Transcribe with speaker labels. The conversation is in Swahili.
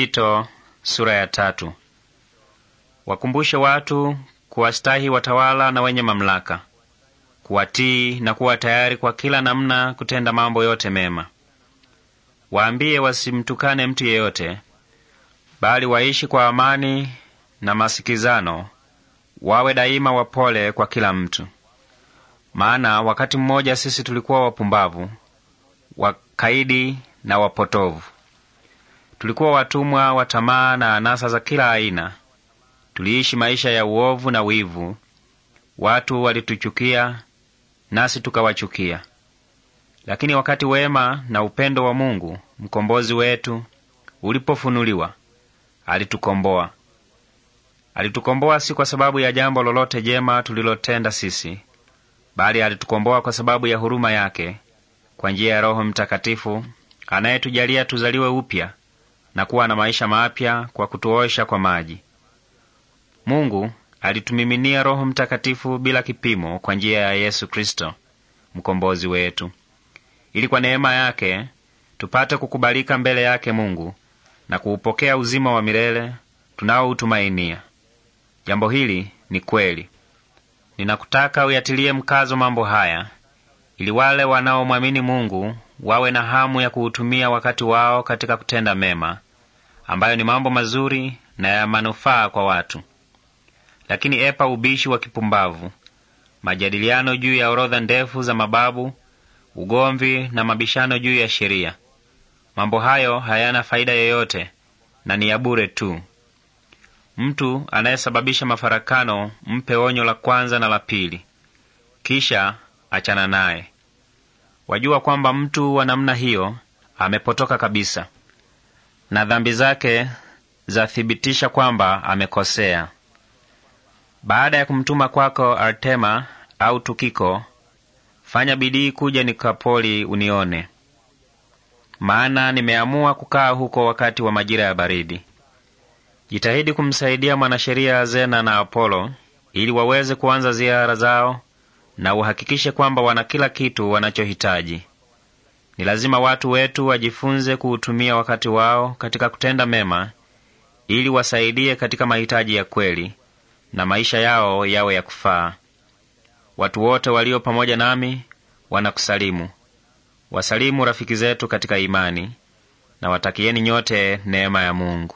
Speaker 1: Tito sura ya tatu. Wakumbushe watu kuwastahi watawala na wenye mamlaka, kuwatii na kuwa tayari kwa kila namna kutenda mambo yote mema. Waambie wasimtukane mtu yeyote, bali waishi kwa amani na masikizano, wawe daima wapole kwa kila mtu. Maana wakati mmoja sisi tulikuwa wapumbavu, wakaidi na wapotovu Tulikuwa watumwa wa tamaa na anasa za kila aina. Tuliishi maisha ya uovu na wivu. Watu walituchukia, nasi tukawachukia. Lakini wakati wema na upendo wa Mungu mkombozi wetu ulipofunuliwa, alitukomboa. Alitukomboa si kwa sababu ya jambo lolote jema tulilotenda sisi, bali alitukomboa kwa sababu ya huruma yake, kwa njia ya Roho Mtakatifu anayetujalia tuzaliwe upya na kuwa na maisha mapya kwa kutuosha kwa maji. Mungu alitumiminia Roho Mtakatifu bila kipimo kwa njia ya Yesu Kristo mkombozi wetu, ili kwa neema yake tupate kukubalika mbele yake Mungu na kuupokea uzima wa milele tunaoutumainia. Jambo hili ni kweli. Ninakutaka uyatilie mkazo mambo haya ili wale wanaomwamini Mungu wawe na hamu ya kuutumia wakati wao katika kutenda mema, ambayo ni mambo mazuri na ya manufaa kwa watu. Lakini epa ubishi wa kipumbavu, majadiliano juu ya orodha ndefu za mababu, ugomvi na mabishano juu ya sheria. Mambo hayo hayana faida yoyote na ni ya bure tu. Mtu anayesababisha mafarakano mpe onyo la kwanza na la pili, kisha achana naye. Wajua kwamba mtu wa namna hiyo amepotoka kabisa, na dhambi zake zathibitisha kwamba amekosea. Baada ya kumtuma kwako Artema au Tukiko, fanya bidii kuja Nikapoli unione, maana nimeamua kukaa huko wakati wa majira ya baridi. Jitahidi kumsaidia mwanasheria Zena na Apolo ili waweze kuanza ziara zao na uhakikishe kwamba wana kila kitu wanachohitaji. Ni lazima watu wetu wajifunze kuutumia wakati wao katika kutenda mema, ili wasaidie katika mahitaji ya kweli na maisha yao yawe ya kufaa. Watu wote walio pamoja nami wanakusalimu. Wasalimu rafiki zetu katika imani, na watakieni nyote neema ya Mungu.